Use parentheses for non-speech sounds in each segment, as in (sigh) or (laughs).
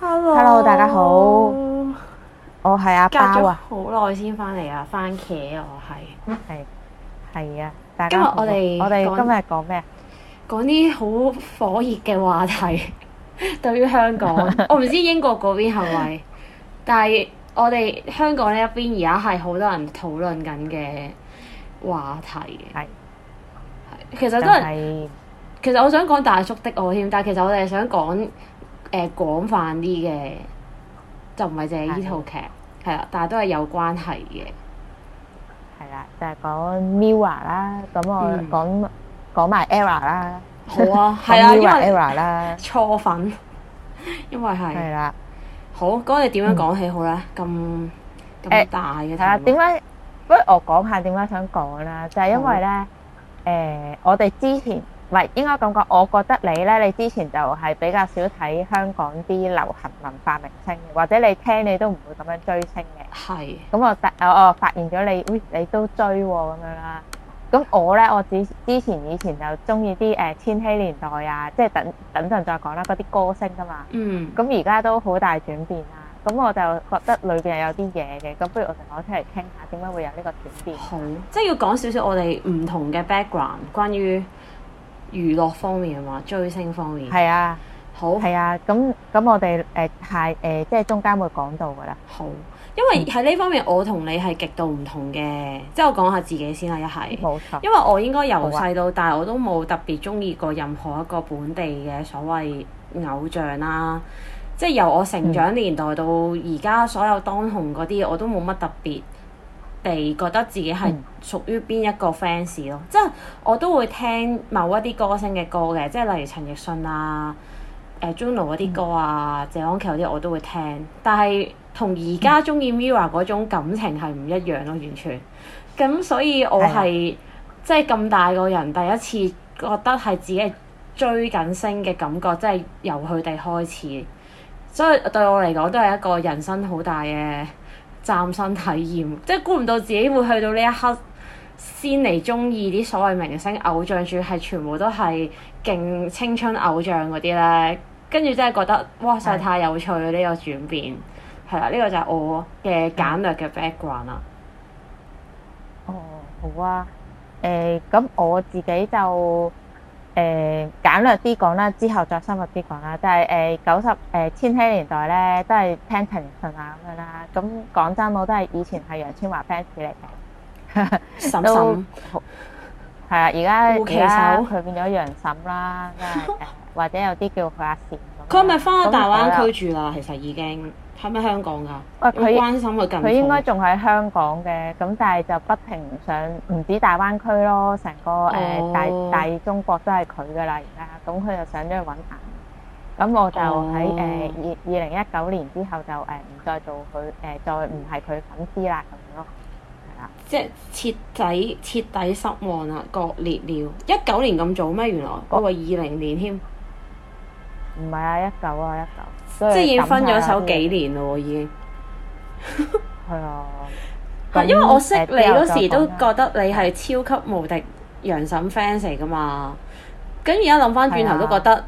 Hello，Hello 大家好。我係阿包啊。好耐先翻嚟啊，番茄我係，係係、嗯、啊。大家今日我哋我哋今日講咩？講啲好火熱嘅話題，對於香港，我唔知英國嗰邊係咪，但係我哋香港呢一邊而家係好多人討論緊嘅話題。係，其實都係。就是 其實我想講大叔的我添，但係其實我哋想講。誒廣、呃、泛啲嘅，就唔係淨係呢套劇，係的、就是、啦，但係都係有關係嘅，係、嗯 ER、啦，就係講 Mirror 啦，咁我講講埋 Error 啦，好啊，係啊，因為 Error 啦初粉，因為係係啦，好，咁你點樣講起好咧？咁咁、嗯、大嘅，睇下點解？不如我講下點解想講啦，就係、是、因為咧，誒好、呃，我哋之前。唔係應該咁講，我覺得你咧，你之前就係比較少睇香港啲流行文化明星，或者你聽你都唔會咁樣追星嘅。係是。咁我突哦哦發現咗你、哎，你都追喎、哦、咁樣啦。咁我咧，我只之前以前就中意啲誒千禧年代啊，即係等等陣再講啦，嗰啲歌星噶嘛。嗯。咁而家都好大轉變啦、啊。咁我就覺得裏邊又有啲嘢嘅。咁不如我哋攞出嚟傾下，點解會有呢個轉變？好，即係要講少少我哋唔同嘅 background，關於。娛樂方面係嘛？追星方面係啊，好係啊，咁咁我哋誒係誒，即係中間會講到㗎啦。好，因為喺呢方面我同你係極度唔同嘅。即係我講下自己先啦，一係冇錯，因為我應該由細到大、啊、我都冇特別鍾意過任何一個本地嘅所謂偶像啦、啊。即係由我成長年代到而家所有當紅嗰啲，嗯、我都冇乜特別。地覺得自己係屬於邊一個 fans 咯，嗯、即係我都會聽某一啲歌星嘅歌嘅，即係例如陳奕迅啊、誒 Juno 嗰啲歌啊、嗯、謝安琪嗰啲我都會聽，但係同而家中意 MIRROR 嗰種感情係唔一樣咯，完全。咁所以我係、嗯、即係咁大個人，第一次覺得係自己係追緊星嘅感覺，即係由佢哋開始，所以對我嚟講都係一個人生好大嘅嶄新體驗，即係估唔到自己會去到呢一刻先嚟鍾意啲所謂明星偶像，主要係全部都係勁青春偶像嗰啲呢。跟住真係覺得哇！真係太有趣呢是的 個轉變，係啦，呢個就係我嘅簡略嘅 background 啦。哦，好啊，咁、呃、我自己就。誒簡略啲講啦，之後再深入啲講啦，就係誒九十誒千禧年代咧都係聽陳奕迅啊咁樣啦。咁講真，我都係以前係楊千嬅 fans 嚟嘅。㗎嬸， (laughs) 都係啊。而家好在其實佢變咗楊嬸啦，即係、 (laughs) 或者有啲叫佢阿嬋。佢咪翻咗大灣區住啦？ (laughs) 其實已經。係咪香港噶？佢、啊、關心近佢應該仲喺香港嘅，咁但係就不停不上，唔止大灣區咯，成個誒、呃哦、大大中國都係佢噶啦，而家咁佢就上咗去揾銀。咁我就喺誒二二零一九年之後就誒唔、呃、再做佢誒、呃，再唔係佢粉絲啦咁咯。係啊，即係徹底徹底失望啦，割裂了！一九年咁早咩？原來嗰個二零年添？唔係啊，一九啊一九。即係已經分咗手幾年咯喎，已經、嗯。係啊。因為我識你嗰時都覺得你係超級無敵楊嬸 fans 嚟㗎嘛，咁而家諗返轉頭都覺得，的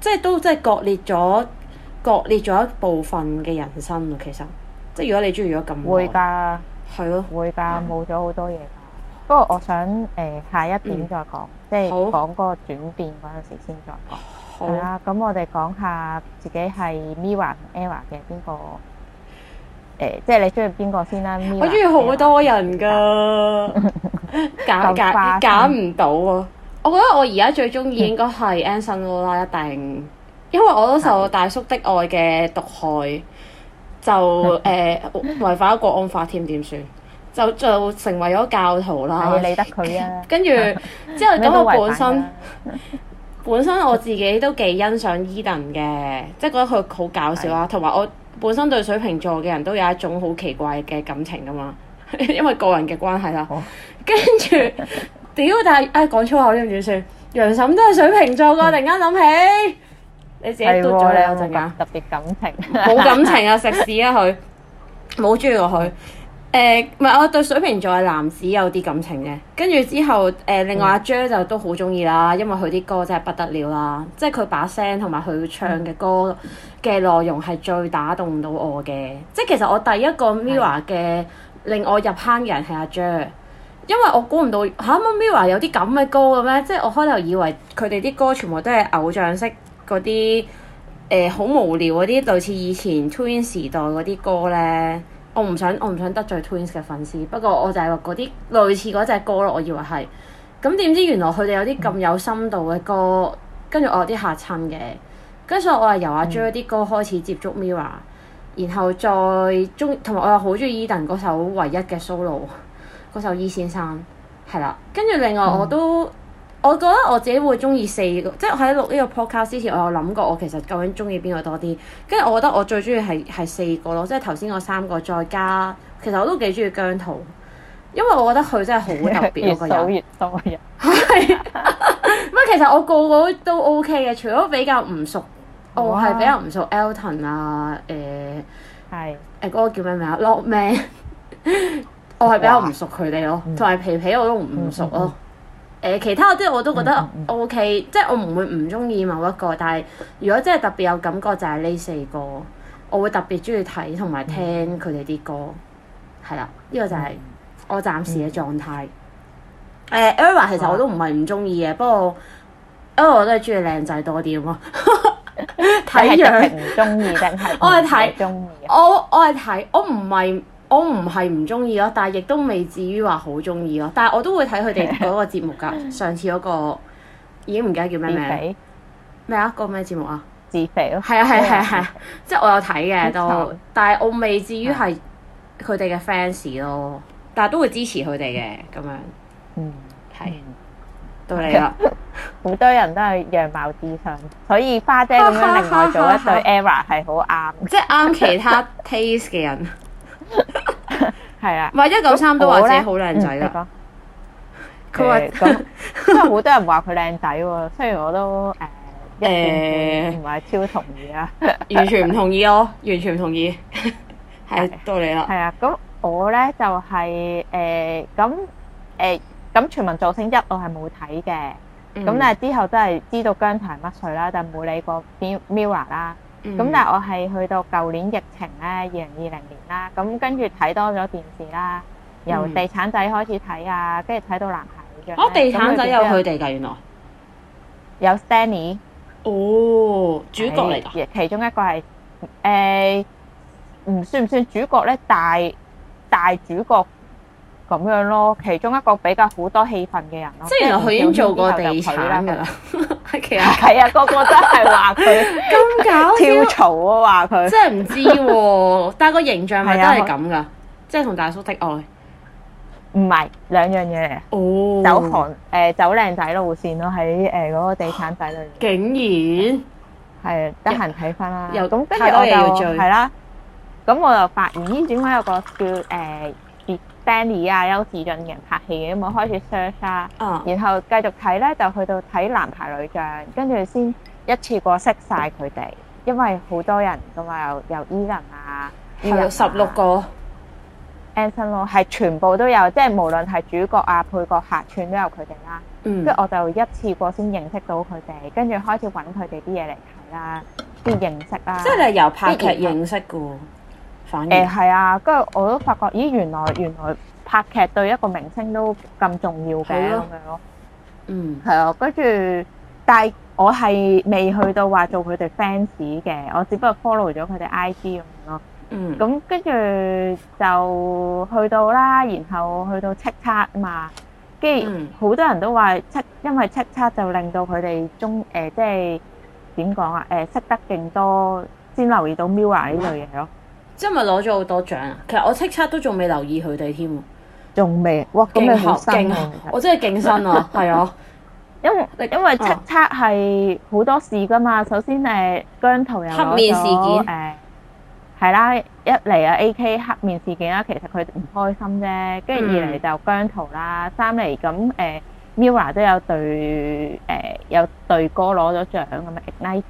即係都即係割裂咗，割裂咗一部分嘅人生其實。即係如果你中意如果咁。會㗎價。係咯了。會㗎，冇咗好多嘢㗎。不過我想誒、呃、下一點再講，嗯、即係講嗰個轉變嗰陣時先再講。好啦，咁、嗯、我哋講下自己係 Mirror era 嘅邊個？誒，即係你中意邊個先啦、啊？我中意好多人噶，揀揀揀唔到啊！我覺得我而家最中意應該係 Anson 啦，一定，因為我嗰時候大叔的愛嘅毒害的就誒違、呃、反一國安法添，點算？就就成為咗教徒啦，要理得佢啊！跟住之後咁我 (laughs) 本身。 (laughs) 本身我自己都幾欣賞 Edan 嘅，即係覺得佢好搞笑啊。同埋的我本身對水瓶座嘅人都有一種好奇怪嘅感情㗎嘛，因為個人嘅關係啦。跟住屌，但係誒講粗口點算？楊嬸都係水瓶座㗎，嗯、突然間諗起你自己嘟咗你，我就講特別感情，冇 (laughs) 感情啊，食屎啊佢，冇鍾意我佢。誒，唔係、呃、我對水瓶座嘅男子有啲感情嘅。跟住之後，誒、呃，另外阿 Jer 就都好中意啦，因為佢啲歌真係不得了啦，即係佢把聲同埋佢唱嘅歌嘅內容係最打動到我嘅。嗯、即係其實我第一個 Mirror 嘅令我入坑嘅人係阿 Jer，因為我估唔到嚇，Mirror 有啲咁嘅歌嘅咩？即係我開頭以為佢哋啲歌全部都係偶像式嗰啲誒好無聊嗰啲，類似以前 Twins 時代嗰啲歌咧。我唔想我唔想得罪 Twins 嘅粉絲，不過我就係話嗰啲類似嗰隻歌咯，我以為係，咁點知原來佢哋有啲咁有深度嘅歌，跟住我有啲嚇親嘅，跟住我係由阿 Jer 啲歌開始接觸 Mirror，嗯、然後再中，同埋我又好中意 Edan 嗰首唯一嘅 solo，嗰首 E 先生係啦，跟住另外我都、嗯。我覺得我自己會中意四個，即係我我喺錄呢個 podcast 之前，我有諗過我其實究竟中意邊個多啲。跟住我覺得我最中意係係四個咯，即係頭先嗰三個再加，其實我都幾中意姜濤，因為我覺得佢真係好特別嗰個人。越走越多人。係。咁其實我個個都 OK 嘅，除咗比較唔熟，我係比較唔熟 Alton 哇啊，誒係誒嗰個叫咩名啊？Lokman。Lokman (laughs) 我係比較唔熟佢哋咯，同埋哇皮皮我都唔熟咯。嗯嗯嗯誒其他嗰啲我都覺得 O、OK, K，、嗯嗯、即係我唔會唔中意某一個，嗯嗯、但係如果真係特別有感覺就係呢四個，我會特別中意睇同埋聽佢哋啲歌，係啦、嗯，呢、這個就係我暫時嘅狀態。誒 Era 其實我都唔係唔中意嘅，哦、不過 Era 我都係中意靚仔多啲咯，睇 (laughs) 樣唔中意定係我係睇中意，我我係睇我唔係。我唔係唔中意咯，但係亦都未至於話好中意咯。但係我都會睇佢哋嗰個節目噶。 (laughs) 上次嗰、嗰個已經唔記得叫咩名，咩啊？嗰個咩節目啊？自肥咯，係啊係係係，那個、即係我有睇嘅都。但係我未至於係佢哋嘅 fans 咯，但係都會支持佢哋嘅咁樣。嗯，係到你啦。好 (laughs) (laughs) 多人都係樣貌至上，所以花姐咁樣另外做一對 Error 係好啱， (laughs) 即係啱其他 taste 嘅人。 (laughs) 係啦，唔係一九三都話自己好靚仔啦。佢話即係好多人話佢靚仔喎，雖然我都誒誒唔係超同意啊， (laughs) 完全唔同意哦，完全唔同意。係、 (laughs) 啊、對到你啦，係啊。咁我咧就係誒咁誒咁全民造星一我係冇睇嘅，咁、嗯、但係之後都係知道姜濤乜水啦，但冇理過 Mirror 啦。咁但係我係去到舊年疫情咧，二零二零年啦，咁跟住睇多咗電視啦，由地產仔開始睇啊，跟住睇到男孩嘅。哦，地產仔有佢哋㗎，原來有 Stanley。哦，主角嚟嘅，其中一個係誒，唔算唔算主角咧，大大主角。咁樣咯，其中一個比較好多戲份嘅人咯，即係原來佢已經做過地產啦。係其實係啊，個個都係話佢咁搞笑啊，話佢真係唔知喎，但係個形象咪都係咁噶，即係同大叔的愛唔係兩樣嘢嚟哦，走韓誒走靚仔路線咯，喺誒嗰個地產仔度竟然係得閒睇翻啦，又咁跟住我就係啦，咁我就發現呢，點解有個叫誒。Danny 啊，邱士俊嘅拍戲嘅，咁我開始 search 啦、啊，啊、然後繼續睇咧就去到睇男排女將，跟住先一次過識晒佢哋，因為好多人咁嘛，有有 e a n 啊，有十六個 a n s o n 咯，係全部都有，即係無論係主角啊、配角客串都有佢哋啦。嗯，跟住我就一次過先認識到佢哋，跟住開始揾佢哋啲嘢嚟睇啦，啲認識啦、啊，即係由拍劇認識噶。啊啊誒係啊，跟住我都發覺，咦，原來原來拍劇對一個明星都咁重要嘅咁樣咯。嗯，係啊，跟住但係我係未去到話做佢哋 fans 嘅，我只不過 follow 咗佢哋 I G 咁樣咯。嗯，咁跟住就去到啦，然後去到叱咤嘛，跟住好多人都話七，因為叱咤就令到佢哋中誒，即係點講啊？誒，識得勁多先留意到 Mirror 呢類嘢咯。即係咪攞咗好多獎啊？其實我叱咤都仲未留意佢哋添，仲未哇咁咪好新啊！我真係勁身啊，係啊， (laughs) 因因為叱咤係好多事噶嘛。首先誒，姜濤又攞咗誒，係啦，一嚟啊 A K 黑面事件、呃、啦 AK，事件，其實佢唔開心啫。跟住二嚟就姜濤啦，嗯、三嚟咁誒，Mirror 都有對誒、呃、有對歌攞咗獎咁啊，Ignited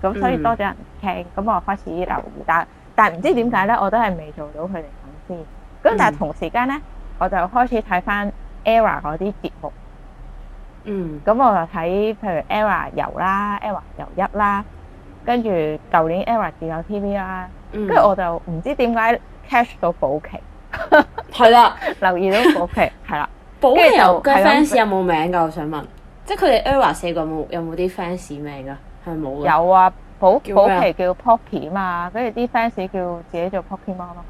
咁樣，咁所以多咗人聽，咁我開始留意，但但唔知點解咧，我都係未做到佢哋咁先。咁但係同時間咧，我就開始睇翻 ERROR 嗰啲節目。嗯。咁我就睇譬如 ERROR 遊啦，ERROR 遊一啦，跟住舊年 ERROR 電有 TV 啦、嗯，跟住我就唔知點解 catch 到保錡。係啦的， (laughs) 留意到保錡。係啦。保錡有跟 fans 有冇名噶？我想問，即係佢哋 ERROR 四個有冇啲 fans 名噶？係咪冇？有啊。保保錡叫，叫 Pocky 嘛，跟住啲 fans 叫自己做 Pokemon 咯。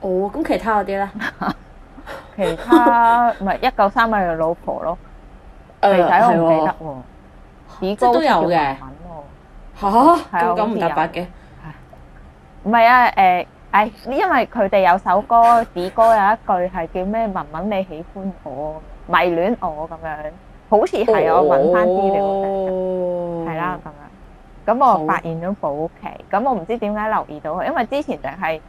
哦，咁其他嗰啲咧？ (laughs) (laughs) 其他唔係一九三咪嘅老婆咯。仔、呃、我唔記得喎。子哥都有嘅。嚇！高咁唔得百幾？唔係啊，誒、啊，哎，因為佢哋有首歌，子哥有一句係叫咩？文文你喜歡我，迷戀我咁樣，好似係我搵翻資料得嘅，係啦咁樣。咁好我發現咗保錡，咁我唔知點解留意到佢，因為之前淨係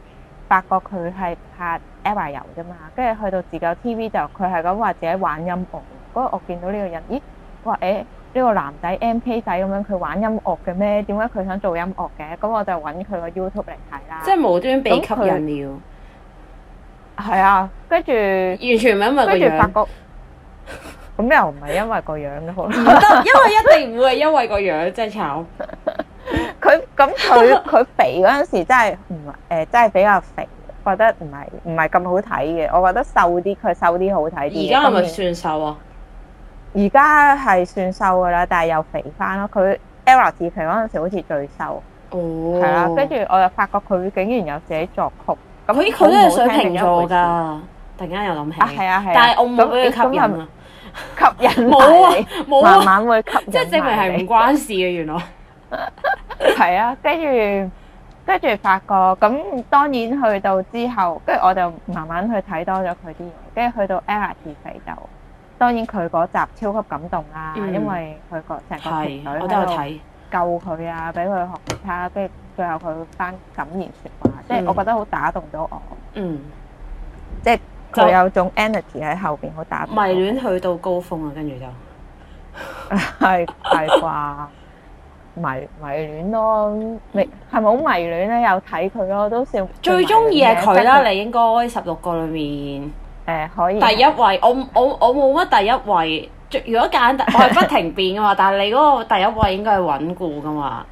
發覺佢係拍 AV 油啫嘛，跟住去到自救 TV 就佢係咁話自己玩音樂。嗰日我見到呢個人，咦，我話呢、欸呢個男、MK、仔 M K 仔咁樣，佢玩音樂嘅咩？點解佢想做音樂嘅？咁我就揾佢個 YouTube 嚟睇啦。即係無端端被吸引了。係啊，跟住完全唔係因為個樣。咁又唔係因為個樣都好，因為一定唔會係因為個樣真係醜。佢咁佢佢肥嗰陣時真係唔係，誒，真係比較肥，覺得唔係唔係咁好睇嘅。我覺得瘦啲，佢瘦啲好睇啲。而家係咪算瘦啊？而家係算瘦㗎啦，但係又肥翻咯。佢 Ella 自肥嗰陣時好似最瘦。哦，係啦、啊。跟住我又發覺佢竟然有自己作曲。咁佢都係水瓶座㗎。突然間又諗起，係啊係、啊啊啊啊、但係我冇俾吸引埋你，啊啊、慢慢會吸引埋你即係證明係唔關事嘅。 (laughs) 原來係 (laughs) (laughs) 啊，跟住跟住發覺，咁當然去到之後，跟住我就慢慢去睇多咗佢啲嘢。跟住去到《Error》第二集就，當然佢嗰集超級感動啊，嗯、因為佢個成個團隊都然睇，救佢啊，俾佢、啊、學其他，跟住最後佢翻感言說話，即係、嗯、我覺得好打動到我。嗯。就他有種 energy 喺後邊，好打迷戀去到高峰啊，跟住就係係啩，迷迷戀咯，未係咪好迷戀咧？有睇佢咯，我都笑最中意係佢啦。你應該十六個裏面誒、呃、可以第一位，我我我冇乜第一位。如果簡單，我係不停變噶嘛， (laughs) 但係你嗰個第一位應該係穩固噶嘛？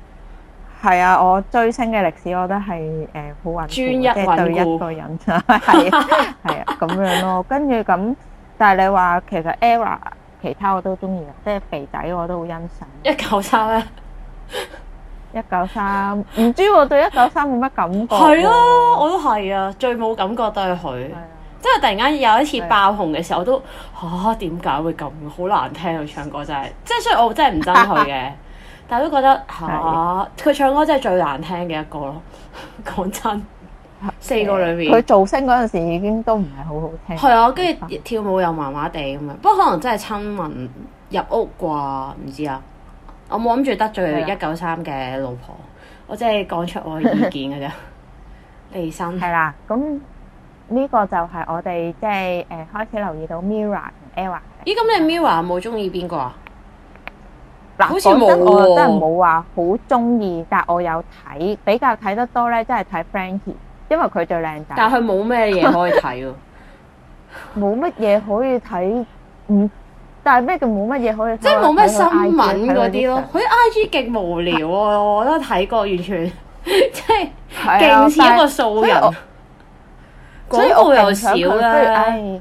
係啊，我追星嘅歷史，我覺得係誒好穩定，呃、專一對一個人啊，係啊，係啊， (laughs) 咁樣咯。跟住咁，但係你話其實 Error，、ER、其他我都中意即係肥仔我都好欣賞。一九三啊，一九三，唔知我對一九三冇乜感覺。係咯，我都係啊，最冇感覺都係佢，即係的突然間有一次爆紅嘅時候，的我都嚇點解會咁好難聽佢唱歌真係，即係所以我真係唔憎佢嘅。 (laughs) 但都覺得吓，佢、啊、的唱歌真係最難聽嘅一個咯。講真，的四個裏面，佢造星嗰陣時已經都唔係好好聽。係啊，跟住跳舞又麻麻地咁樣。不過可能真係親民入屋啩，唔知啊。我冇諗住得罪一九三嘅老婆，的我真係講出我意見嘅啫。利申係啦，咁呢個就係我哋即係誒開始留意到 Mirror 同 Error。咦？咁你 Mirror 有冇中意邊個啊？嗱，好似冇、啊、我真係冇話好中意，但我有睇，比較睇得多咧，真係睇 Frankie，因為佢最靚仔。 (laughs) (laughs) 但佢冇咩嘢可以睇咯，冇乜嘢可以睇，唔，但係咩嘅冇乜嘢可以，即係冇咩新聞嗰啲咯，佢 IG 極無聊啊，是我覺得睇過完全即係勁似一個素人，所以我又少啦， (laughs) 想唉。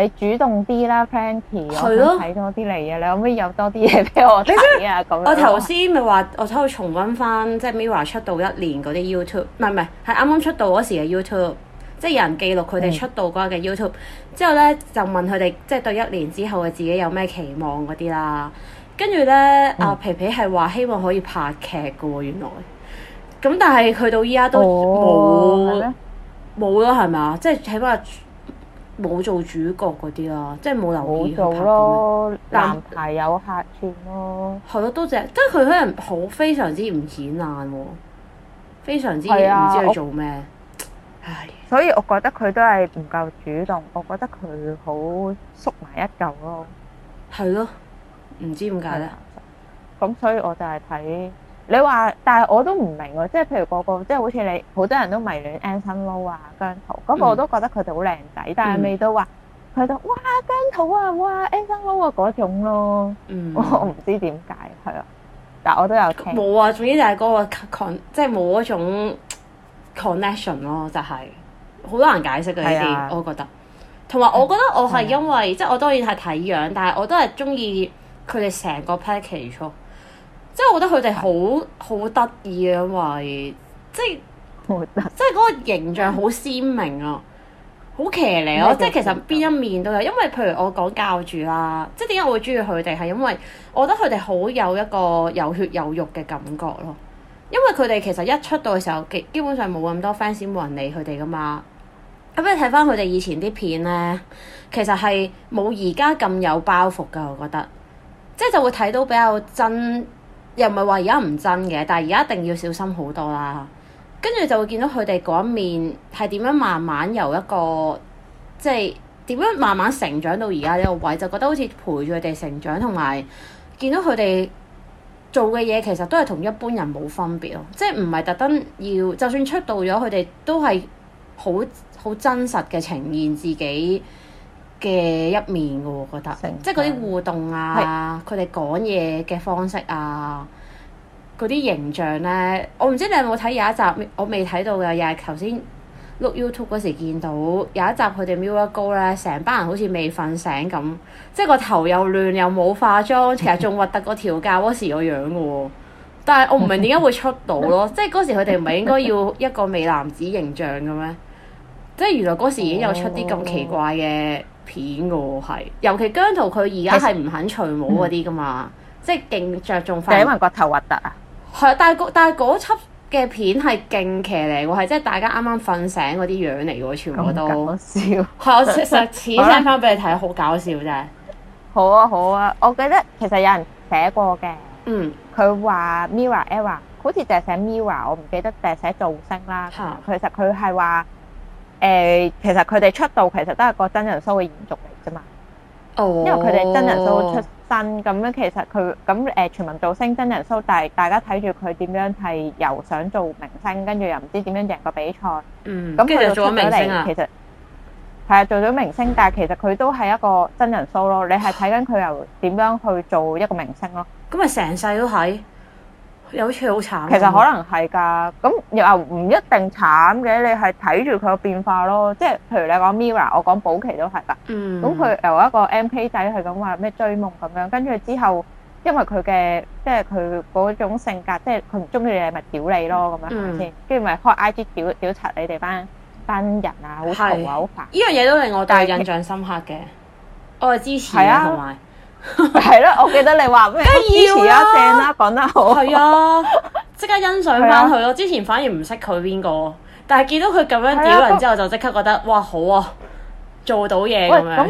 你主動啲啦，Plenty 我睇多啲嚟嘅，你可唔可以有多啲嘢俾我？是我頭先咪話，我睇佢重溫翻，即係 Mirror 出道一年嗰啲 YouTube？唔係唔係，係啱啱出道嗰時嘅 YouTube。即係有人記錄佢哋出道嗰日嘅 YouTube、嗯。之後咧就問佢哋，即係對一年之後嘅自己有咩期望嗰啲啦。跟住咧，阿、嗯啊、皮皮係話希望可以拍劇嘅喎。原來咁，但係去到依家都冇冇咯，係咪啊？即係起碼。冇做主角嗰啲啦，即係冇留意到做咯，男，男排有客串咯、啊。係咯，多謝。即係佢可能好非常之唔顯眼喎，非常之唔、啊、知佢做咩。唉，所以我覺得佢都係唔夠主動。我覺得佢好縮埋一嚿、啊、咯。係咯，唔知點解咧？咁所以我就係睇。你話，但係我都唔明喎，即係譬如個、那個，即係好似你好多人都迷戀 Anson Lo 啊、姜濤，咁、那個、我我都覺得佢哋好靚仔，但係未到話佢就哇姜濤啊，哇 Anson Lo 啊嗰種咯，嗯、我唔知點解係啊，但係我都有聽冇啊，總之就係嗰個 con 即係冇一種 connection 咯，就係好難解釋嘅呢啲，啊、我覺得。同埋我覺得我係因為、啊、即係我當然係睇樣，但係我都係中意佢哋成個 package。即係我覺得佢哋好好得意啊，因為即係即係嗰個形象好鮮明啊，好騎呢咯。即係其實邊一面都有，因為譬如我講教主啦、啊，即係點解我會中意佢哋係因為我覺得佢哋好有一個有血有肉嘅感覺咯。因為佢哋其實一出道嘅時候，基基本上冇咁多 fans，冇人理佢哋噶嘛。咁你睇翻佢哋以前啲片咧，其實係冇而家咁有包袱噶。我覺得即係就會睇到比較真。又唔係話而家唔真嘅，但係而家一定要小心好多啦。跟住就會見到佢哋嗰一面係點樣，慢慢由一個即係點樣慢慢成長到而家呢個位，就覺得好似陪住佢哋成長，同埋見到佢哋做嘅嘢其實都係同一般人冇分別咯，即係唔係特登要，就算出道咗，佢哋都係好好真實嘅呈現自己嘅一面嘅喎，我覺得分即係嗰啲互動啊，佢哋講嘢嘅方式啊，嗰啲形象呢。我唔知你有冇睇有，有一集，我未睇到嘅，又係頭先 look YouTube 嗰時見到有一集呢，佢哋 Milo 哥咧，成班人好似未瞓醒咁，即係個頭又亂又冇化妝，其實仲核突過調教嗰時個樣喎。 (laughs) 但係我唔明點解會出到咯， (laughs) 即係嗰時佢哋唔係應該要一個美男子形象嘅咩？即係 (laughs) 原來嗰時已經有出啲咁奇怪嘅。片嘅係，尤其姜濤佢而家係唔肯除帽嗰啲噶嘛，嗯、即係勁着重。就係因為骨頭核突啊！係，但係但係嗰輯嘅片係勁騎呢喎，即係大家啱啱瞓醒嗰啲樣嚟喎，全部都搞笑。係、嗯，我其實剪翻俾你睇，好搞笑啫。好啊，好啊！我記得其實有人寫過嘅，嗯，佢話 Mirror Era 好似淨係寫 Mirror，我唔記得淨係寫造星啦。其實佢係話。誒，其實佢哋出道其實都係個真人 show 嘅延續嚟啫嘛。哦，因為佢哋真人 show 出身，咁樣其實佢咁誒全民造星真人 show，但係大家睇住佢點樣係由想做明星，跟住又唔知點樣贏個比賽。嗯，咁佢就做咗明星啊。其實係啊，做咗明星，但係其實佢都係一個真人 show 咯。你係睇緊佢由點樣去做一個明星咯。咁咪成世都係。又好似好慘，慘啊、其實可能係㗎，咁又唔一定慘嘅，你係睇住佢個變化咯。即係譬如你講 Mirror，我講保錡都係㗎。嗯。咁佢由一個 MK 仔係咁話咩追夢咁樣，跟住之後因為佢嘅即係佢嗰種性格，即係佢唔中意你咪屌、就是、你咯咁樣先，跟住咪開 IG 屌屌柒你哋班班人啊，好、啊、煩，好煩。呢樣嘢都令我大印象深刻嘅。但我係支持係啊。係咯， (laughs) 我記得你話咩？支持阿、啊啊、正啦、啊，講得好。係啊，即刻欣賞翻佢咯。啊、我之前反而唔識佢邊個，但係見到佢咁樣屌人之後，啊、就即刻覺得哇好啊，做到嘢咁樣。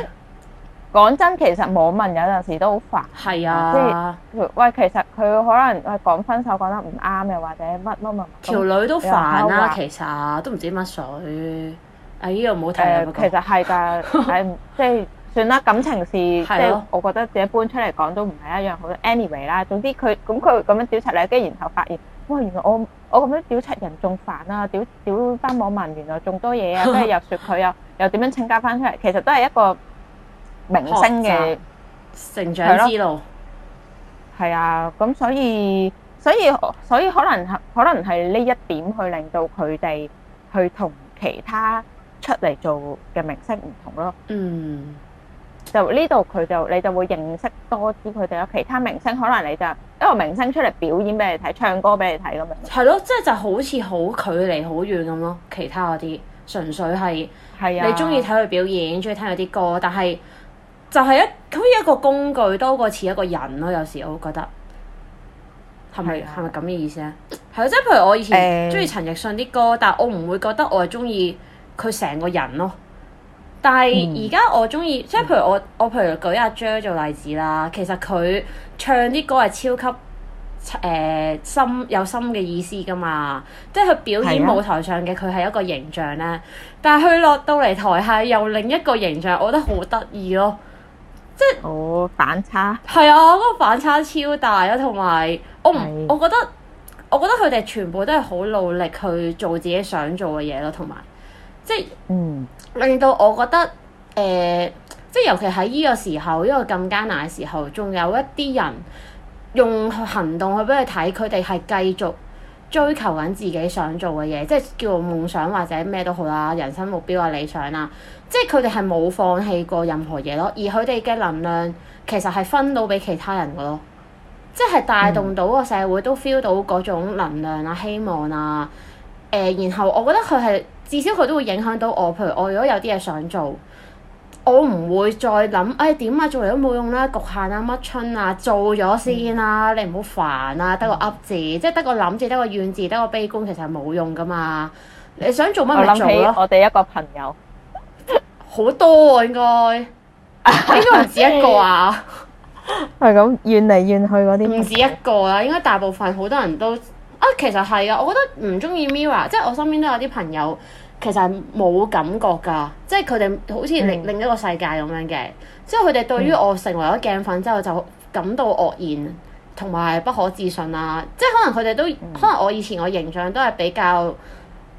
講真，其實網民有陣時都好煩。係啊，即係喂，其實佢可能係講分手講得唔啱，嘅，或者乜乜乜。條女都煩啦，煩其實都唔知乜水。哎，呢、這個唔好睇，其實係噶，係即係。算啦，感情事即係我覺得自己搬出嚟講都唔係一樣好。anyway 啦，總之佢咁佢咁樣屌柒你，跟住然後發現哇，原來我我咁樣屌柒人仲煩啊，屌屌翻網民原來仲多嘢啊，跟住又説佢又又點樣請假翻出嚟，其實都係一個明星嘅成長之路，係啊。咁所以所以所以可能可能係呢一點去令到佢哋去同其他出嚟做嘅明星唔同咯。嗯。就呢度佢就你就會認識多啲佢哋咯，其他明星可能你就一個明星出嚟表演俾你睇，唱歌俾你睇咁樣。係咯，即係就係，好似好距離好遠咁咯，其他嗰啲純粹係你中意睇佢表演，中意，啊、聽佢啲歌，但係就係、係、一好似、就係、一個工具多過似一個人咯，有時我會覺得係咪係咪咁嘅意思咧？係咯，即係譬如我以前中意陳奕迅啲歌，欸、但我唔會覺得我係中意佢成個人咯。但係而家我中意，嗯、即係譬如我我譬如舉阿 Jer 做例子啦，其實佢唱啲歌係超級誒、呃、深有深嘅意思噶嘛，即係佢表演舞台上嘅佢係一個形象咧，啊、但係佢落到嚟台下又另一個形象，我覺得好得意咯，即係哦反差係啊，嗰個反差超大啊，同埋我唔是，我覺得我覺得佢哋全部都係好努力去做自己想做嘅嘢咯，同埋。即係令到我覺得，誒、呃，即係尤其喺呢個時候，呢個咁艱難嘅時候，仲有一啲人用行動去俾佢睇，佢哋係繼續追求緊自己想做嘅嘢，即係叫做夢想或者咩都好啦，人生目標啊、理想啦、啊，即係佢哋係冇放棄過任何嘢咯。而佢哋嘅能量其實係分到俾其他人嘅咯，即係帶動到個社會都 feel 到嗰種能量啊、希望啊，誒、呃，然後我覺得佢係。至少佢都會影響到我，譬如我如果有啲嘢想做，我唔會再諗，哎點啊做嚟都冇用啦，局限啊乜春啊，做咗先啦、啊，嗯、你唔好煩啊，得個噏字，嗯、即係得個諗字，得個怨字，得個悲觀，其實係冇用噶嘛。你想做乜咪做咯。我諗起我哋一個朋友，好 (laughs) 多喎、啊、應該，應該唔止一個啊。係咁怨嚟怨去嗰啲，唔止一個啦、啊，應該大部分好多人都。啊，其實係啊，我覺得唔中意 Mirror，即係我身邊都有啲朋友，其實冇感覺噶，即係佢哋好似另另一個世界咁樣嘅。之後佢哋對於我成為咗鏡粉之後，就感到愕然同埋不可置信啦、啊。即係可能佢哋都，可能我以前我形象都係比較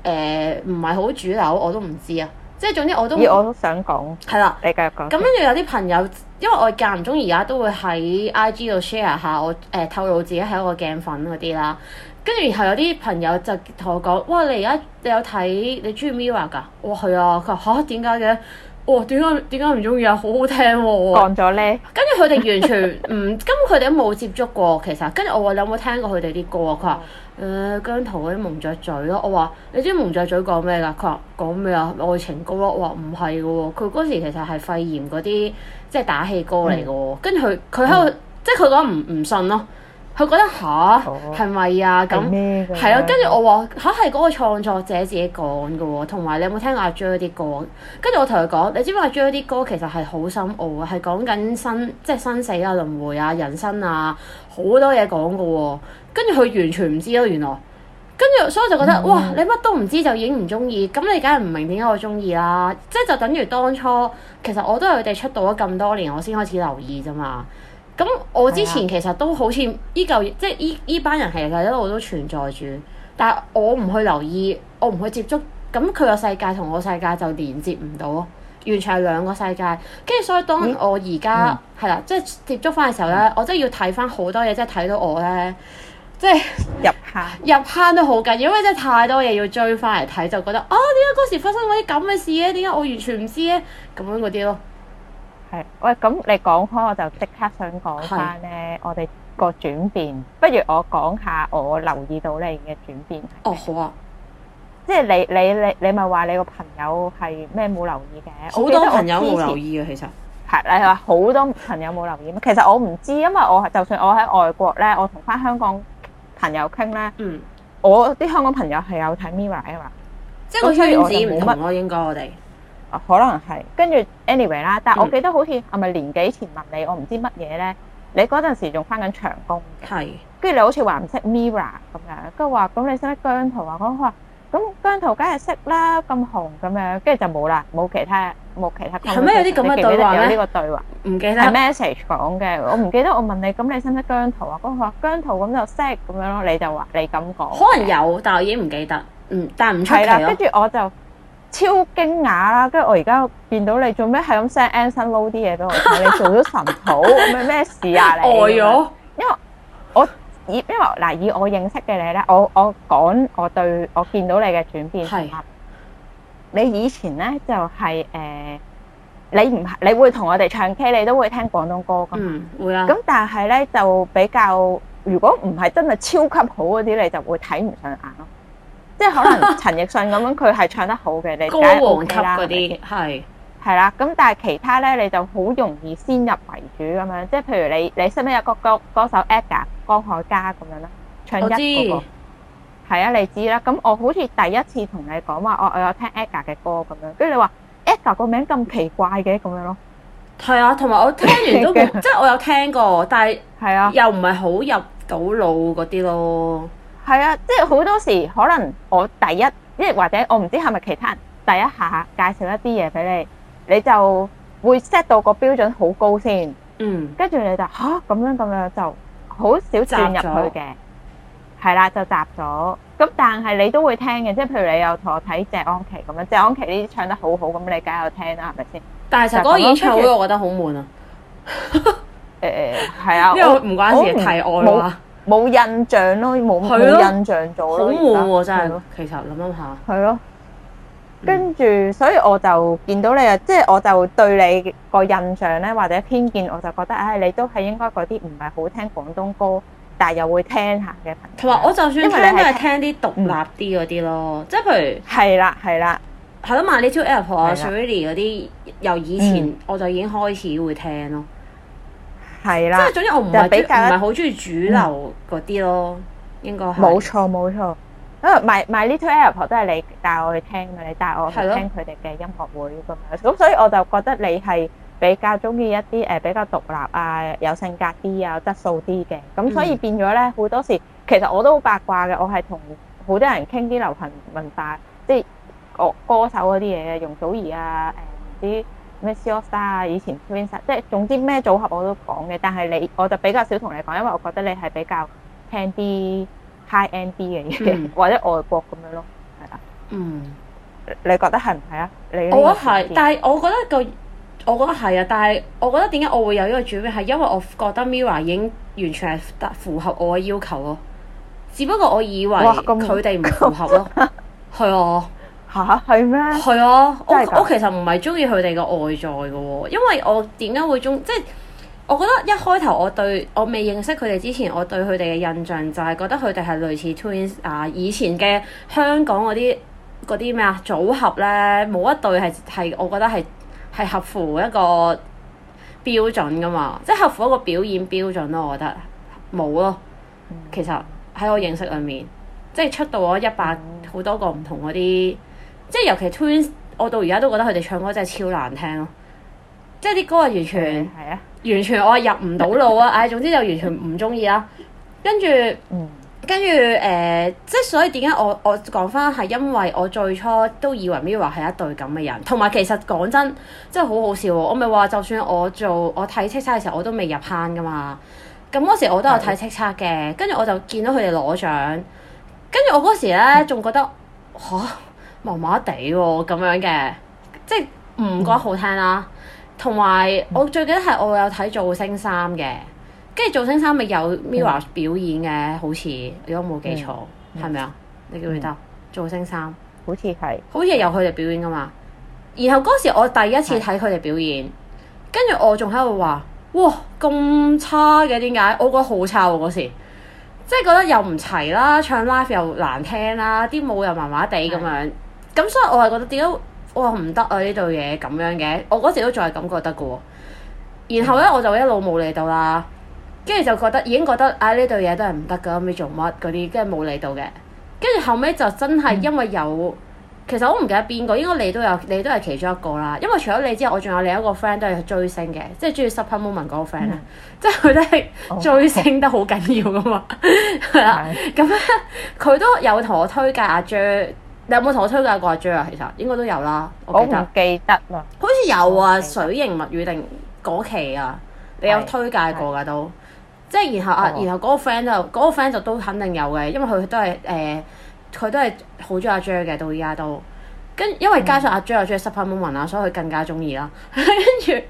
誒唔係好主流，我都唔知啊。即係總之我都，我都想講，係啦的，你繼續講。咁跟住有啲朋友，因為我間唔中而家都會喺 IG 度 share 下我誒、呃、透露自己喺一個鏡粉嗰啲啦。跟住然後有啲朋友就同我講：哇！你而家你有睇你中意 Mirror 㗎？哇係啊！佢話嚇點解嘅？哇點解點解唔中意啊？好好聽喎、啊！講咗咧。跟住佢哋完全唔根本佢哋都冇接觸過其實。跟住我話你有冇聽過佢哋啲歌啊？佢話誒姜潮姜濤嗰啲《蒙雀嘴》咯。我話你知《蒙雀嘴》講咩㗎？佢話講咩啊？愛情歌咯。我話唔係嘅喎，佢嗰、啊、時其實係肺炎嗰啲即係打氣歌嚟嘅喎。跟住佢佢喺度即係佢講唔唔信咯、啊。佢覺得嚇？係咪啊？咁係啊，跟住、啊、我話嚇，係嗰個創作者自己講噶喎，同埋你有冇聽過阿 Jer 啲歌？跟住我同佢講，你知唔知阿 Jer 啲歌其實係好深奧啊，係講緊生即係生死啊、輪迴啊、人生啊好多嘢講噶喎。跟住佢完全唔知咯、啊，原來跟住所以我就覺得、嗯、哇，你乜都唔知就已經唔中意，咁你梗係唔明點解我中意啦。即係就等於當初其實我都係佢哋出道咗咁多年，我先開始留意啫嘛。咁我之前其實都好似依舊，即係呢呢班人其實一路都存在住，但係我唔去留意，我唔去接觸，咁佢個世界同我世界就連接唔到啊，完全係兩個世界。跟住所以當我而家係啦，即係接觸翻嘅時候咧，嗯、我真係要睇翻好多嘢，即係睇到我咧，即係入坑入坑都好緊要，因為真係太多嘢要追翻嚟睇，就覺得哦，點解嗰時發生嗰啲咁嘅事咧？點解我完全唔知咧？咁樣嗰啲咯。係，喂，咁你講開，我就即刻想講翻咧，我哋個轉變，不如我講下我留意到你嘅轉變。哦，好啊，即係你你你你咪話你個朋友係咩冇留意嘅，好多朋友冇留意啊，其實係你話好多朋友冇留意，其實我唔知，因為我係就算我喺外國咧，我同翻香港朋友傾咧，嗯，我啲香港朋友係有睇 Mirror 嘅嘛，即係個圈子唔同咯，應該我哋。可能係，跟住 anyway 啦，但係我記得好似係咪年幾前問你，我唔知乜嘢咧，你嗰陣時仲翻緊長工，係是，跟住你好似話唔識 mirror 咁樣，跟住話咁你識唔識姜濤啊？我話咁姜濤梗係識啦，咁紅咁樣，跟住就冇啦，冇其他，冇其他。係咩，有啲咁嘅對話呢？唔記得。唔記得。message 講嘅，我唔記得我問你，咁你識唔識姜濤啊？我話姜濤咁就識咁樣咯，你就話你咁講。可能有，但係我已經唔記得，嗯，但係唔出奇咯。係啦，跟住我就。超驚訝啦！跟住我而家見到你，做咩係咁 send Anson Lo 啲嘢俾我？你做咗神土咩咩事啊？你呆咗？因為我以因為嗱以我認識嘅你咧，我我講我對我見到你嘅轉變。係。你以前咧就係誒，你唔係你會同我哋唱 K，你都會聽廣東歌㗎嘛？會啦。咁但係咧就比較，如果唔係真係超級好嗰啲咧，你就會睇唔上眼咯。即係可能陳奕迅咁樣，佢係唱得好嘅，你歌王級嗰啲係係啦。咁但係其他咧，你就好容易先入為主咁樣。即係譬如你你識唔識一個歌歌手 AGA 江海迦咁樣咧？我知係啊，你知啦。咁我好似第一次同你講話，我我有聽 AGA 嘅歌咁樣，跟住你話 AGA 個名咁奇怪嘅咁樣咯。係啊，同埋我聽完都即係我有聽過，但係係啊，又唔係好入到腦嗰啲咯。係啊，即係好多時可能我第一，亦或者我唔知係咪其他人第一下介紹一啲嘢俾你，你就會 set 到個標準好高先。嗯。跟住你就吓咁、啊、樣咁樣，就好少鑽入去嘅。係啦、啊，就雜咗。咁但係你都會聽嘅，即係譬如你又同我睇謝安琪咁樣，謝安琪呢啲唱得好好，咁你梗係有聽啦，係咪先？但係就嗰個演唱會，我覺得好悶啊。誒、欸，係啊，因為唔關事，太愛啦。冇印象咯，冇冇、啊、印象咗，冇冇喎，真係。啊、其實諗諗下。係咯、啊，跟住、嗯、所以我就見到你啊，即、就、係、是、我就對你個印象咧，或者偏見，我就覺得唉、哎，你都係應該嗰啲唔係好聽廣東歌，但係又會聽下嘅朋友。同埋我就算聽都係聽啲獨立啲嗰啲咯，即係、嗯、譬如。係啦係啦，係咯，Mariah Carey 啊、Shirley 嗰啲，由以前我就已經開始會聽咯。嗯嗯。係啦，即係總之我唔係唔係好中意主流嗰啲咯，嗯、應該係。冇錯冇錯，啊，My My Little Airport 都係你帶我去聽嘅，你帶我去聽佢哋嘅音樂會咁樣，咁的所以我就覺得你係比較中意一啲誒、呃、比較獨立啊，有性格啲啊，質素啲嘅，咁所以變咗咧好多時，其實我都好八卦嘅，我係同好多人傾啲流行文化，即係歌歌手嗰啲嘢啊，容祖兒啊誒啲。嗯咩 COSA 啊，以前 Twins 啊，即係總之咩組合我都講嘅，但係你我就比較少同你講，因為我覺得你係比較聽啲 high end 啲嘅嘢，mm. 或者外國咁樣咯，係啊，嗯，mm. 你覺得係唔係啊？你我得係，但係我覺得個，我覺得係啊，但係我覺得點解我會有呢個主變，係因為我覺得 Mira 已經完全係達符合我嘅要求咯，只不過我以為佢哋唔符合咯，係我。 (laughs) 吓，係咩？係啊，我的的我，我其實唔係中意佢哋嘅外在嘅喎、哦，因為我點解會中？即係我覺得一開頭我對我未認識佢哋之前，我對佢哋嘅印象就係覺得佢哋係類似 Twins 啊，以前嘅香港嗰啲嗰啲咩啊組合咧，冇一對係係我覺得係係合乎一個標準嘅嘛，即係合乎一個表演標準咯，我覺得冇咯。其實喺我認識裏面，即係出到咗一百好多個唔同嗰啲、嗯。即係尤其 twins，我到而家都覺得佢哋唱歌真係超難聽咯。即係啲歌係完全係、 (music) 哦、啊，完全我入唔到腦啊。唉，總之就完全唔中意啦。跟住，跟住誒、呃，即係所以點解我我講翻係因為我最初都以為 Mirror 係一對咁嘅人，同埋其實講真真係好好笑、啊、我咪話就算我做我睇叱咤嘅時候我都未入坑噶嘛。咁嗰時我都有睇叱咤嘅，的跟住我就見到佢哋攞獎，跟住我嗰時咧仲覺得嚇。麻麻地喎咁樣嘅，即係唔覺得好聽啦。同埋、嗯、我最記得係我有睇造星三嘅，跟住造星三咪有 Mirror 表演嘅，嗯、好似如果冇記錯係咪啊？你記唔記得造星三？好似係，好似係由佢哋表演噶嘛。然後嗰時我第一次睇佢哋表演，跟住是我仲喺度話：哇，咁差嘅點解？我覺得好差喎、啊、嗰時，即、就、係、是、覺得又唔齊啦，唱 live 又難聽啦，啲舞又麻麻地咁樣。咁所以我，我係覺得點解我唔得啊？呢對嘢咁樣嘅，我嗰時都仲係感覺得嘅。然後咧，我就一路冇理到啦。跟住就覺得已經覺得，唉、哎，呢對嘢都係唔得嘅。後尾做乜嗰啲，跟住冇理到嘅。跟住後尾就真係因為有，其實我唔記得邊個，應該你都有，你都係其中一個啦。因為除咗你之外，我仲有另一個 friend 都係追星嘅，即、就、係、是、中意 Super Moment 嗰個 friend 咧，即係佢都係追星得好緊要嘅嘛。係啦、嗯，咁咧佢都有同我推介阿、啊、J、er。你有冇同我推介過阿 J 啊、er？其實應該都有啦，我唔記得，記得好似有啊，水形物語定嗰期啊，你有推介過㗎都，即係然後啊，的然後嗰個，個 friend 就嗰個 friend 就都肯定有嘅，因為佢都係誒，佢、呃、都係好中意阿 J 嘅、er，到依家都跟，因為加上阿 J 又、er, mm hmm. J 意、er、Super Moment 啊，所以佢更加中意啦，跟 (laughs) 住。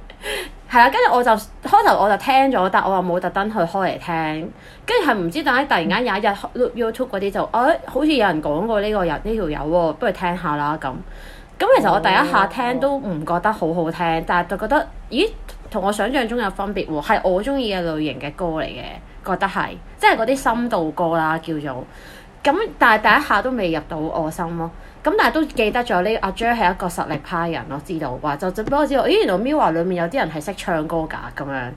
係啊，跟住我就開頭我就聽咗，但我又冇特登去開嚟聽。跟住係唔知道，但係突然間有一日 YouTube 嗰啲就，誒、哎、好似有人講過呢個友呢條友喎，不如聽下啦咁。咁其實我第一下聽都唔覺得好好聽，但係就覺得咦同我想像中有分別喎、啊，係我中意嘅類型嘅歌嚟嘅，覺得係，即係嗰啲深度歌啦叫做。咁但係第一下都未入到我心咯、啊。咁但係都記得咗呢。阿 Jer 係一個實力派人，我知道。話就準俾我知道，咦？原來 Mirror 裡面有啲人係識唱歌㗎咁樣。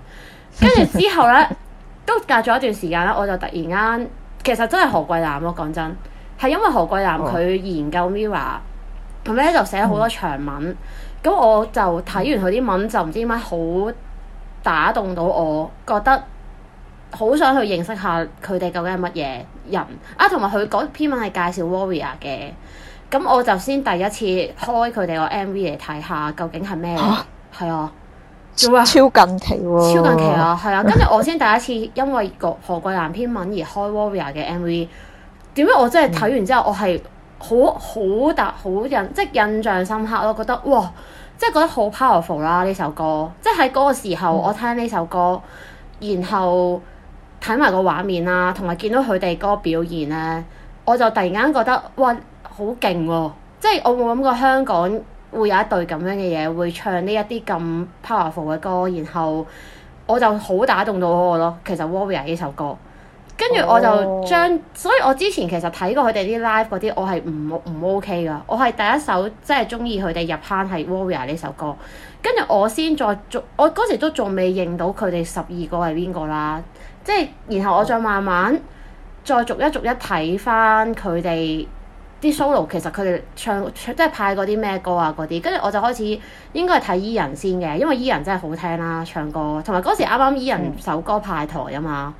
跟住之後咧，都隔咗一段時間啦，我就突然間其實真係何桂南咯。講真係因為何桂南佢研究 Mirror、oh。後屘咧就寫咗好多長文。咁、嗯、我就睇完佢啲文，就唔知點解好打動到我，覺得好想去認識下佢哋究竟係乜嘢人啊。同埋佢嗰篇文係介紹 Warrior 嘅。咁我就先第一次開佢哋個 M V 嚟睇下究竟係咩嘢，係啊，做咩、啊？超近期，超近期啊，係啊。跟住、啊、 (laughs) 我先第一次因為個何桂蘭篇文而開 Warrior 嘅 M V，點解我真係睇完之後、嗯、我係好好大好印即係印象深刻咯、啊，覺得哇，即係覺得好 powerful 啦、啊、呢首歌。即係喺嗰個時候、嗯、我聽呢首歌，然後睇埋個畫面啦、啊，同埋見到佢哋嗰個表現咧，我就突然間覺得哇！好勁喎！即係我冇諗過香港會有一隊咁樣嘅嘢，會唱呢一啲咁 powerful 嘅歌，然後我就好打動到我咯。其實 Warrior 呢首歌，跟住我就將，oh. 所以我之前其實睇過佢哋啲 live 嗰啲，我係唔唔 OK 㗎。我係第一首即係鍾意佢哋入坑係 Warrior 呢首歌，跟住我先再續。我嗰時都仲未認到佢哋十二個係邊個啦，即係然後我再慢慢再逐一逐一睇返佢哋。啲 solo 其實佢哋唱即係派嗰啲咩歌啊嗰啲，跟住我就開始應該係睇 Ian 先嘅，因為 Ian 真係好聽啦、啊、唱歌，同埋嗰時啱啱 Ian 首歌派台啊嘛，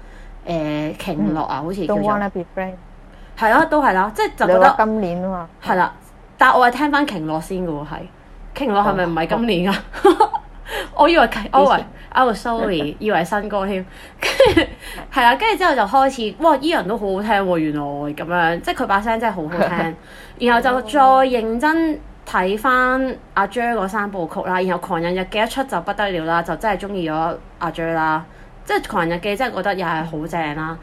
誒鯨落啊、嗯、好似叫做，係啊都係啦，啊、即係就覺得今年啊嘛，係啦，但我係聽返鯨落先嘅喎，係鯨落係咪唔係今年啊？嗯、 (laughs) 我以為，我以為。Oh wait, Oh sorry， (laughs) 以為新歌添，係 (laughs) 啦，跟住之後就開始，哇伊 a 都好好聽喎、啊，原來咁樣，即係佢把聲真係好好聽。 (laughs) 然後就再認真睇翻阿 j a d 嗰三部曲啦，然後《狂人日記》一出就不得了啦，就真係中意咗阿 Jade、er, 啦，即係《狂人日記》真係覺得又係好正啦。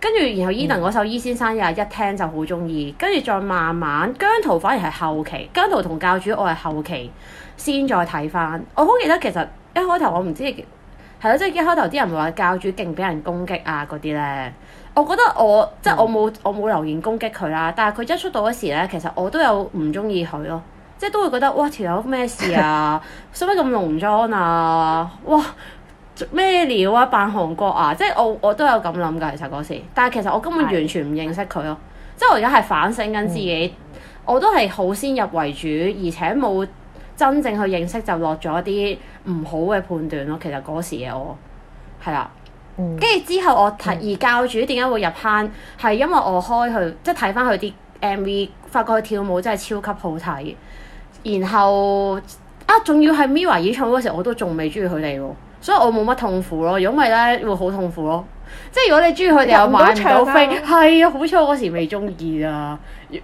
跟住然後伊 a 嗰首《E 先生》又係一聽就好中意，跟住再慢慢姜濤反而係後期，姜濤同教主我係後期先再睇翻，我好記得其實。一開頭我唔知，係咯，即係一開頭啲人話教主勁俾人攻擊啊嗰啲咧，我覺得我即係我冇我冇留言攻擊佢啦，但係佢一出道嗰時咧，其實我都有唔中意佢咯，即係都會覺得哇條友咩事啊，使乜咁濃妝啊，哇咩料啊，扮韓國啊，即係我我都有咁諗㗎，其實嗰時，但係其實我根本完全唔認識佢咯，即係我而家係反省緊自己，嗯、我都係好先入為主，而且冇。真正去認識就落咗啲唔好嘅判斷咯，其實嗰時嘅我係啦，跟住、嗯、之後我睇而教主點解會入坑，係、嗯、因為我開佢即係睇翻佢啲 MV，發覺佢跳舞真係超級好睇。然後啊，仲要係 Mirror 演唱嗰時，我都仲未中意佢哋喎，所以我冇乜痛苦咯。如果唔係咧，會好痛苦咯。即係如果你中意佢哋又買唔到飛，係啊，好彩我嗰時未中意啊。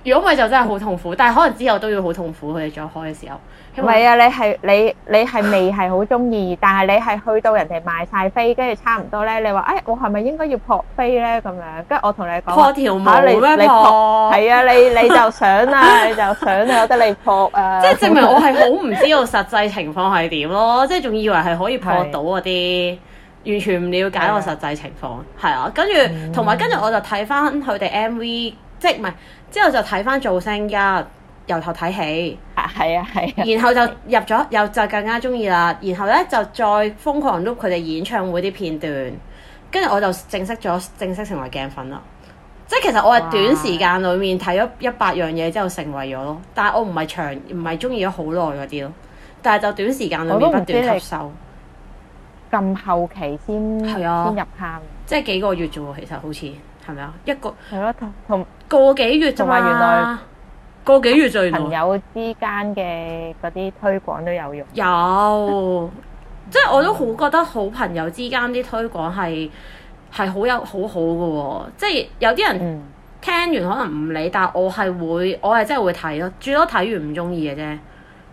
如果唔係就真係好痛苦，但係可能之後都要好痛苦佢哋再開嘅時候。唔係啊！你係你你係未係好中意，但係你係去到人哋賣晒飛，跟住差唔多咧，你話誒、哎，我係咪應該要撲飛咧咁樣？跟住我同你講，撲條紋嚟你撲，係啊！你你， (laughs) 啊你，你就想啊，你就想啊，覺 (laughs) 得你撲啊，即係證明我係好唔知道實際情況係點咯， (laughs) 即係仲以為係可以撲到嗰啲，的完全唔了解我實際情況，係啊的！跟住同埋跟住我就睇翻佢哋 MV，即係唔係？之後就睇翻做聲家，由頭睇起。係啊，係啊，啊啊然後就入咗，啊，又就更加中意啦，然後咧就再瘋狂 loop 佢哋演唱會啲片段，跟住我就正式咗正式成為鏡粉啦。即係其實我係短時間裏面睇咗一百樣嘢之後成為咗咯哇，但係我唔係長唔係中意咗好耐嗰啲咯，但係就短時間裏面不斷吸收。咁後期先係啊，先入坑，即係幾個月啫喎，其實好似係咪啊？一個係咯，同同，啊，個幾月原來嘛。個幾月，最朋友之間嘅嗰啲推廣都有用，有， (laughs) 即係我都好覺得好朋友之間啲推廣係係好有好好嘅，哦，即係有啲人聽完可能唔理，但係我係會，我係真係會睇咯，最多睇完唔中意嘅啫，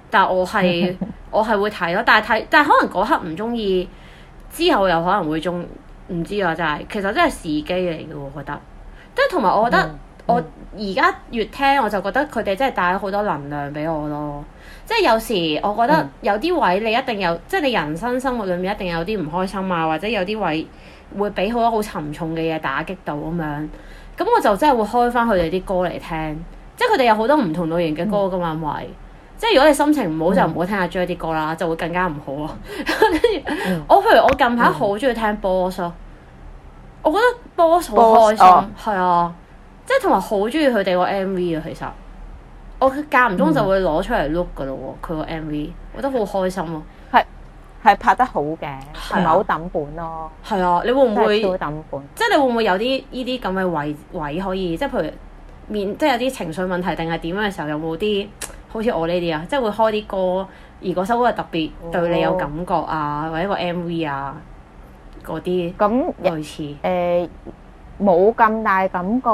但係我係我係會睇咯，但係睇但係可能嗰刻唔中意，之後又可能會中，唔知啊，就係其實真係時機嚟嘅，我覺得，即係同埋我覺得。嗯我而家越聽，我就覺得佢哋真係帶咗好多能量俾我咯。即係有時我覺得有啲位你一定有，嗯、即係你人生生活裏面一定有啲唔開心啊，或者有啲位會俾好多好沉重嘅嘢打擊到咁樣。咁我就真係會開翻佢哋啲歌嚟聽。即係佢哋有好多唔同類型嘅歌噶嘛，因、嗯、即係如果你心情唔好、嗯、就唔好聽阿 Jer 啲歌啦，就會更加唔好咯、啊。 (laughs) 我譬如我近排好中意聽 Boss，我覺得 Boss 好開心，係啊。即係同埋好中意佢哋個 M V 啊！其實我間唔中就會攞出嚟 look 噶咯，佢個、嗯、M V，我覺得好開心咯、啊。係係拍得好嘅，係咪好抌本咯。係啊，你會唔會即係你會唔會有啲呢啲咁嘅位位可以？即係譬如面，即係有啲情緒問題定係點樣嘅時候，有冇啲好似我呢啲啊？即係會開啲歌，而嗰首歌係特別對你有感覺啊，哦、或者個 M V 啊嗰啲咁類似。誒、嗯、冇、呃、咁大感覺。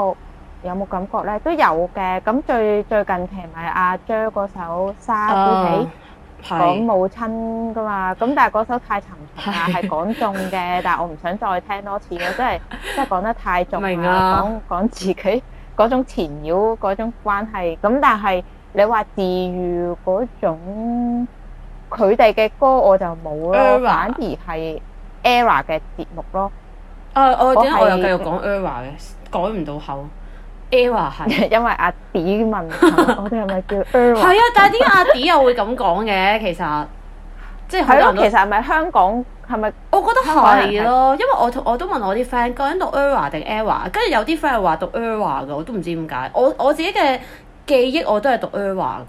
有冇感覺咧？都有嘅。咁最最近期咪阿 Jer 嗰首《砂之器》講母親噶嘛？咁但係嗰首太沉重啦，係講中嘅。但我唔想再聽多次咯，真係真係講得太重啦。明呀。講講自己嗰種纏繞嗰種關係。咁但係你話治癒嗰種，佢哋嘅歌我就冇咯，反而係 Error 嘅節目咯。啊！我點解我又繼續講 Error 嘅？改唔到口。Error 係因為阿 D 問，我哋係咪叫 error？係啊，ER、 (laughs) (laughs) 但係點解阿 D 又會咁講嘅？其實即係可能其實係咪香港係咪？是是我覺得係咯，因為我我都問我啲 friend，究竟讀 error 定 error，跟住有啲 friend 係話讀 error 嘅，我都唔知點解。我我自己嘅記憶我都係讀 error 嘅，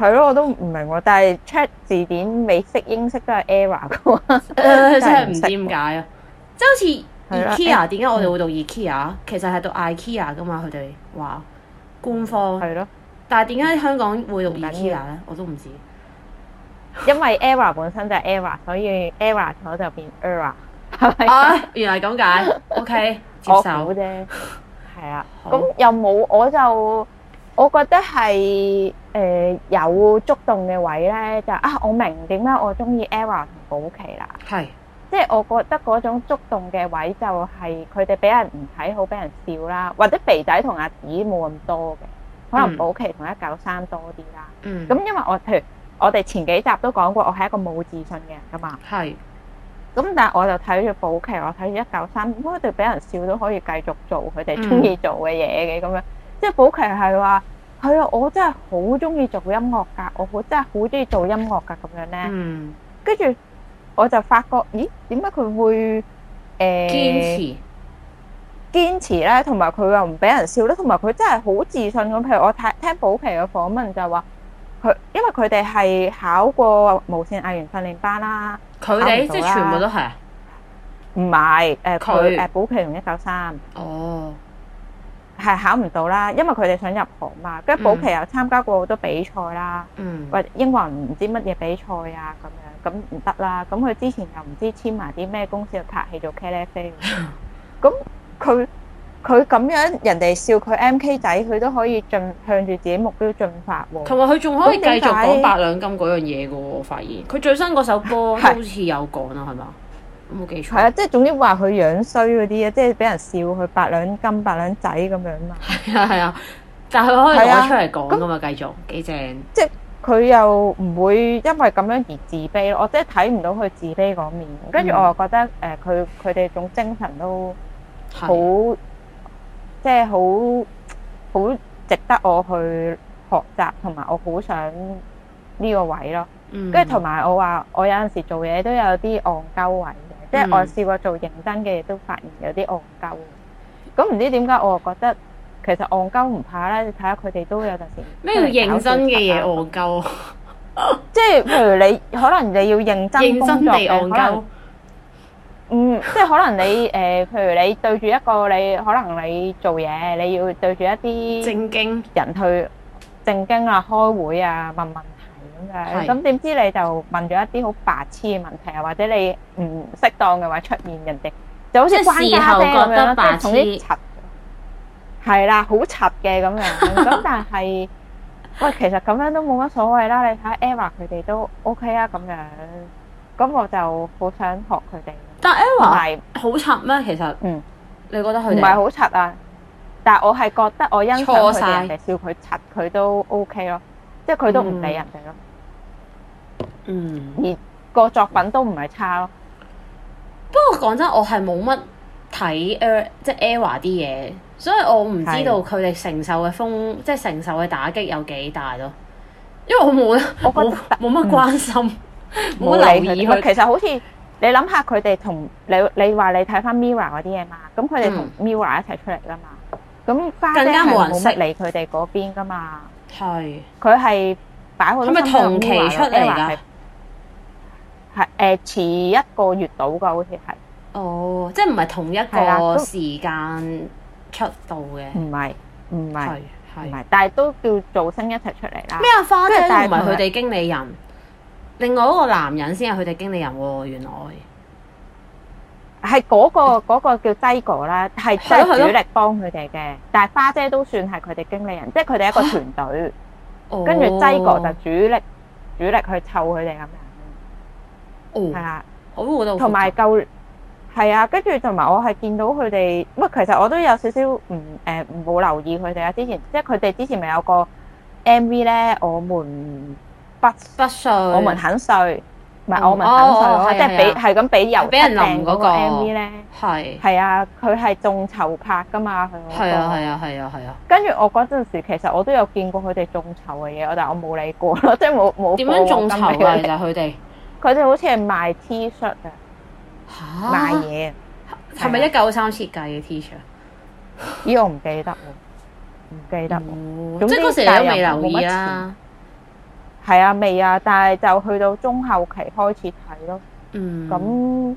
係咯，我都唔明喎。但係 check 字典，美式英式都係 error 嘅喎。誒、嗯，真係唔、 (laughs) 嗯、知點解啊！即係好似。IKEA，點解我哋會讀 IKEA？其實係讀 IKEA 噶嘛，佢哋話官方係咯。但係點解香港會讀 IKEA 咧？我都唔知。因為 ERROR 本身就係 ERROR，所以 ERROR 咗就變 ERROR，係咪？啊，原嚟咁解，OK，我接受啫。係啊，咁又冇，我就我覺得係誒有觸動嘅位咧，就啊，我明點解我中意 ERROR 同保錡啦，係。即係我覺得嗰種觸動嘅位就係佢哋俾人唔睇好，俾人笑啦，或者肥仔同阿子冇咁多嘅，可能保錡同一九三多啲啦。嗯。咁因為我譬如我哋前幾集都講過我是我，我係一個冇自信嘅人噶嘛。係。咁但係我就睇住保錡，我睇住一九三，咁佢哋俾人笑都可以繼續做佢哋中意做嘅嘢嘅咁樣。即係保錡係話：係啊，我真係好中意做音樂㗎，我真係好中意做音樂㗎咁樣咧。嗯。跟住。我就發覺，咦，點解佢會誒堅持堅持咧？同埋佢又唔俾人笑咧，同埋佢真係好自信咁。譬如我聽聽保錡嘅訪問就話，佢因為佢哋係考過無線藝員訓練班啦，佢哋即係全部都係唔係？誒佢誒保錡同一九三哦。係考唔到啦，因為佢哋想入行嘛，跟住保錡又參加過好多比賽啦，或、嗯、英皇唔知乜嘢比賽啊咁樣，咁唔得啦。咁佢之前又唔知簽埋啲咩公司去拍戲做茄喱啡，咁佢佢咁樣人哋笑佢 MK 仔，佢都可以進向住自己目標進發喎、啊。同埋佢仲可以繼續講百兩金嗰樣嘢嘅喎，我發現佢最新嗰首歌好似有講啊，係嘛是？冇記錯，係啊，即係總之話佢樣衰嗰啲啊，即係俾人笑佢八兩金、八兩仔咁樣嘛。係啊係啊，就係我可以出嚟講噶嘛，繼、啊、續幾正。即係佢又唔會因為咁樣而自卑咯。我即係睇唔到佢自卑嗰面，跟住我又覺得誒，佢佢哋種精神都好，啊、即係好好值得我去學習，同埋我好想呢個位咯。跟住同埋我話，我有陣時做嘢都有啲戇鳩位。即係、嗯、我試過做認真嘅嘢，都發現有啲戇鳩。咁唔知點解我覺得其實戇鳩唔怕咧，你睇下佢哋都有陣時。咩叫認真嘅嘢戇鳩？愚蠢 (laughs) 即係譬如你可能你要認真工作，認真地戇鳩 (laughs) 可能唔、嗯、即係可能你誒、呃，譬如你對住一個你可能你做嘢，你要對住一啲正經人去正經啊，開會啊，問問，問。咁點知你就問咗一啲好白痴嘅問題啊，或者你唔適當嘅話出現人哋就好似關家姐咁樣，即係同啲柒，係啦，好柒嘅咁樣。咁但係喂，其實咁樣都冇乜所謂啦。你睇下 ERROR 佢哋都 OK 啊，咁樣咁我就好想學佢哋。但 ERROR 係好柒咩？其實嗯，你覺得佢唔係好柒啊？但係我係覺得我欣賞佢哋了人笑佢柒，佢都 OK 咯，即係佢都唔理人哋咯。嗯。嗯，而個作品都唔係差咯。嗯、不過講真，我係冇乜睇 Error 即係 Error 啲嘢，所以我唔知道佢哋承受嘅風，的即係承受嘅打擊有幾大咯。因為我冇，我冇乜關心，冇、嗯、留意佢。其實好似你諗下，佢哋同你你話你睇翻 Mirror 嗰啲嘢嘛，咁佢哋同 Mirror 一齊出嚟噶嘛，咁更加冇人識理佢哋嗰邊噶嘛。係佢係擺好多。係咪同期出嚟係誒遲一個月到㗎，好似係哦，即係唔係同一個時間出道嘅？唔係、啊，唔係，唔係，但係都叫做新一齊出嚟啦。咩啊？花姐唔係佢哋經理人，另外一個男人先係佢哋經理人喎。原來係嗰、那個嗰、那個叫劑果啦，係即係主力幫佢哋嘅。但係花姐都算係佢哋經理人，啊、即係佢哋一個團隊。啊、跟住劑果就主力主力去湊佢哋咁。係啦，同埋夠，係啊。跟住同埋我係見到佢哋，唔係其實我都有少少唔誒冇留意佢哋啊！之前即係佢哋之前咪有個 MV 咧，我們不不快樂，我們很快樂，唔係我們很快樂，即係俾係咁俾由俾人訂嗰個 MV 咧，係係啊，佢係眾籌拍㗎嘛，佢嗰個係啊係啊係啊係啊！跟住我嗰陣時其實我都有見過佢哋眾籌嘅嘢，但係我冇理過咯，即係冇冇點樣眾籌其實佢哋。佢哋好似係賣 T 恤嘅，賣嘢係咪一九三設計嘅 T 恤？咦，我唔記得喎，唔記得喎。即係嗰時都未留意呀？但又冇咁遲。係啊，未啊，但係就去到中後期開始睇咯。嗯，咁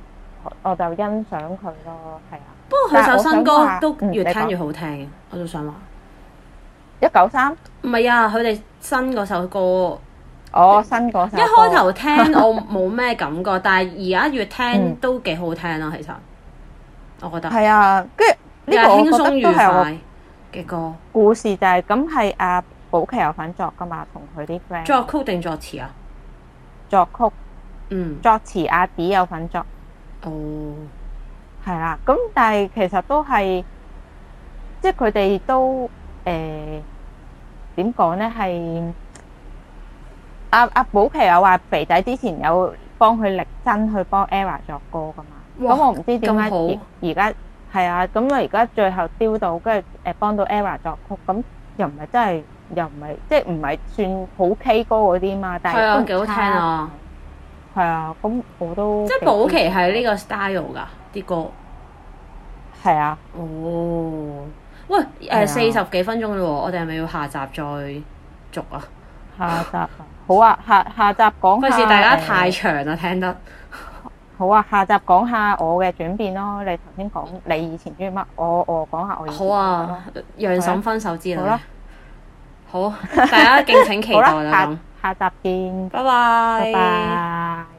我就欣賞佢咯。係啊，不過佢首新歌都越聽越好聽。我都就想話一九三唔係啊，佢哋新嗰首歌。哦，新嗰首一開頭聽 (laughs) 我冇咩感覺，但係而家越聽、嗯、都幾好聽啦，啊，其實，我覺得係啊，跟住呢個我覺得都係嘅歌。故事就係、是、咁，係阿保錡有份作噶嘛，同佢啲 friend 作曲定作詞啊？作曲嗯，作詞阿 B 有份作哦，係啦，咁但係其實都係即係佢哋都誒點講咧係。呃阿阿保錡啊，話肥仔之前有幫佢力爭去幫 ERROR 作歌噶嘛？咁哇我唔知點解而家係啊，咁我而家最後丟到，跟住誒幫到 ERROR 作曲，咁又唔係真係，又唔係即係唔係算好 K 歌嗰啲嘛？但係都幾好聽啊！係啊，咁我都即係保錡係呢個 style 噶啲歌，係啊，哦，喂，誒四十幾分鐘嘞喎，我哋係咪要下集再續啊？下集。好啊，下下集講下。費事大家太長啦，聽得、嗯。好啊，下集講下我嘅轉變咯。你頭先講你以前鍾意乜，我我講下我。好啊，讓嬸分手之類。好啦，啊，好，大家敬請期待啦咁、 (laughs) 啊。下集見。拜拜 bye。拜拜。